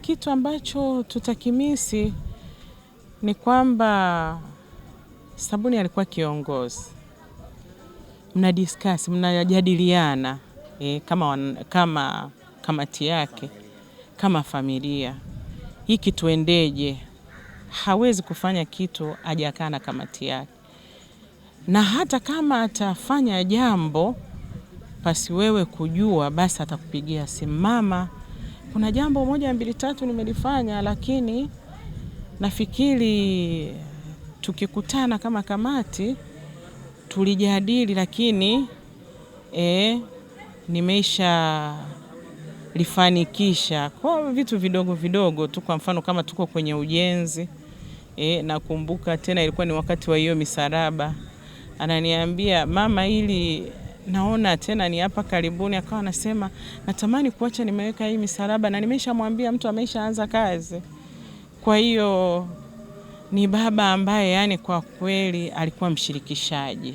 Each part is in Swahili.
Kitu ambacho tutakimisi ni kwamba Sabuni alikuwa kiongozi, mna discuss, mnajadiliana e, eh, kama, kama kamati yake kama familia hiki tuendeje. Hawezi kufanya kitu hajakaa na kamati yake, na hata kama atafanya jambo pasi wewe kujua, basi atakupigia simu mama kuna jambo moja mbili tatu nimelifanya, lakini nafikiri tukikutana kama kamati tulijadili, lakini e, eh, nimeisha lifanikisha kwa vitu vidogo vidogo tu. Kwa mfano kama tuko kwenye ujenzi e, nakumbuka tena ilikuwa ni wakati wa hiyo misaraba, ananiambia mama, ili naona tena ni hapa karibuni, akawa anasema natamani kuacha, nimeweka hii misalaba na nimeshamwambia mtu ameshaanza kazi. Kwa hiyo ni baba ambaye yani kwa kweli alikuwa mshirikishaji.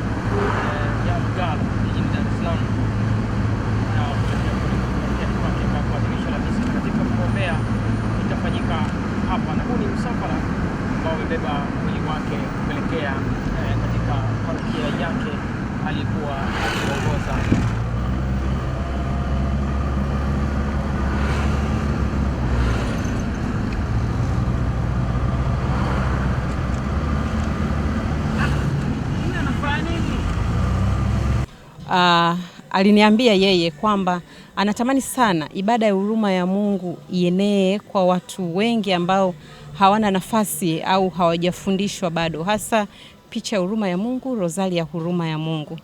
aliniambia yeye kwamba anatamani sana ibada ya huruma ya Mungu ienee kwa watu wengi ambao hawana nafasi au hawajafundishwa bado, hasa picha ya huruma ya Mungu, rozali ya huruma ya Mungu.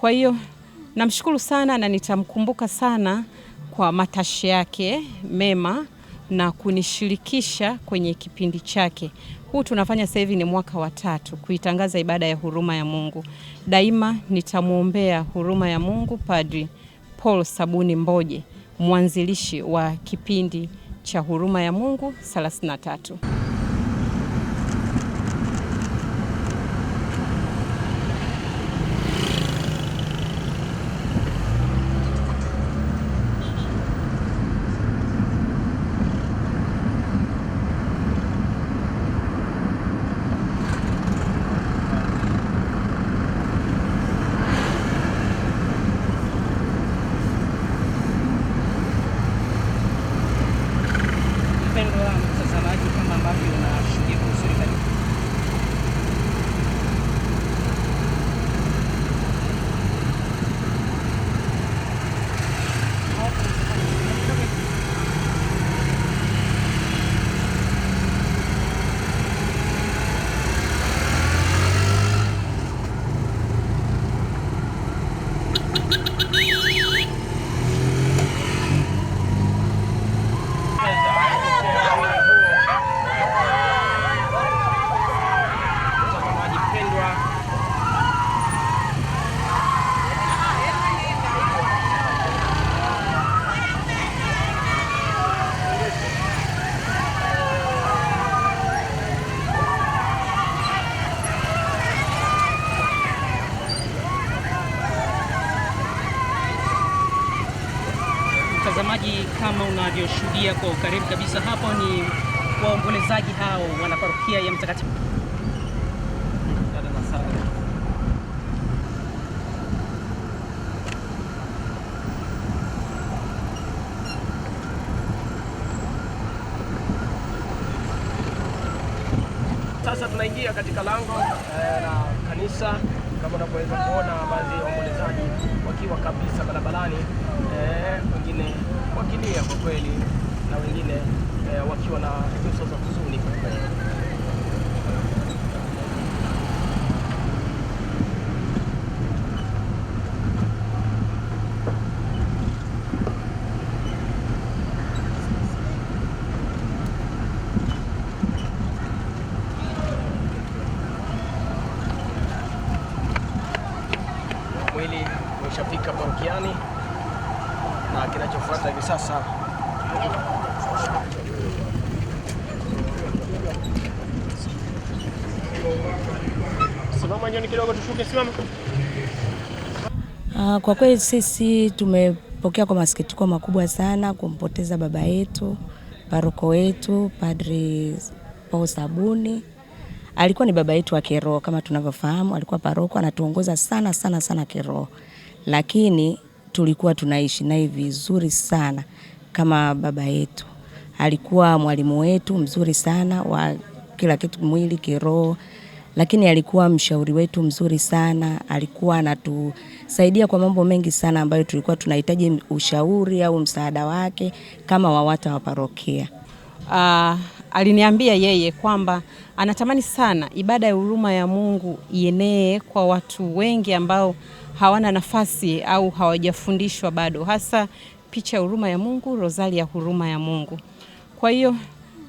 Kwa hiyo namshukuru sana na nitamkumbuka sana kwa matashi yake mema na kunishirikisha kwenye kipindi chake huu tunafanya sasa hivi ni mwaka wa tatu kuitangaza ibada ya huruma ya Mungu. Daima nitamwombea huruma ya Mungu Padri Paul Sabuni Mboje, mwanzilishi wa kipindi cha huruma ya Mungu 33. เป็นเรื่องศาสนาที่กำลังรับอยู่นะครับ Mtazamaji, kama unavyoshuhudia kwa ukaribu kabisa hapo ni waombolezaji hao parokia ya Mtakatifu Sasa tunaingia katika lango eh, la kanisa kama unavyoweza kuona baadhi ya waombolezaji wakiwa kabisa barabarani, eh, wengine wakilia kwa kweli na wengine eh, wakiwa na nyuso za kinachofuata hivi sasa simama nyoni kidogo, tushuke, simama. Ah, kwa kweli sisi tumepokea kwa masikitiko makubwa sana kumpoteza baba yetu paroko wetu Padri Paul Sabuni. Alikuwa ni baba yetu wa kiroho kama tunavyofahamu, alikuwa paroko, anatuongoza sana sana sana kiroho, lakini tulikuwa tunaishi naye vizuri sana kama baba yetu. Alikuwa mwalimu wetu mzuri sana wa kila kitu, mwili, kiroho, lakini alikuwa mshauri wetu mzuri sana. Alikuwa anatusaidia kwa mambo mengi sana ambayo tulikuwa tunahitaji ushauri au msaada wake kama WAWATA wa parokia. Uh, aliniambia yeye kwamba anatamani sana ibada ya huruma ya Mungu ienee kwa watu wengi ambao hawana nafasi au hawajafundishwa bado, hasa picha ya huruma ya Mungu, rozali ya huruma ya Mungu. Kwa hiyo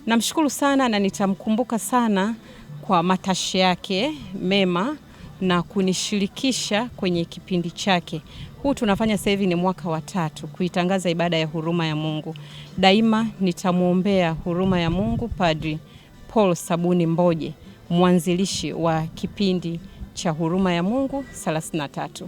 namshukuru sana na nitamkumbuka sana kwa matashi yake mema na kunishirikisha kwenye kipindi chake. Huu tunafanya sasa hivi ni mwaka wa tatu kuitangaza ibada ya huruma ya Mungu. Daima nitamwombea huruma ya Mungu Padri Paul Sabuni Mboje, mwanzilishi wa kipindi cha huruma ya Mungu 33.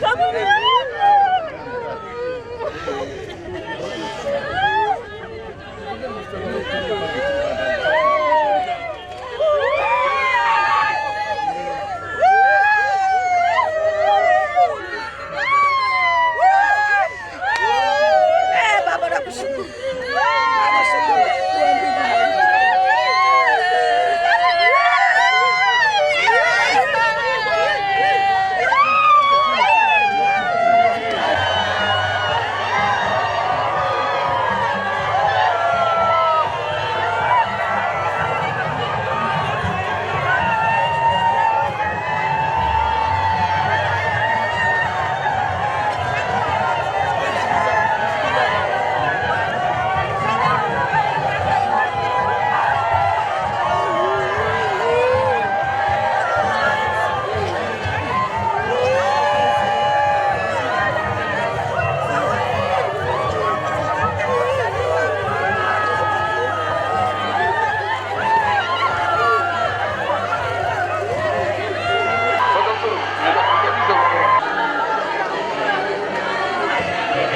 Come on.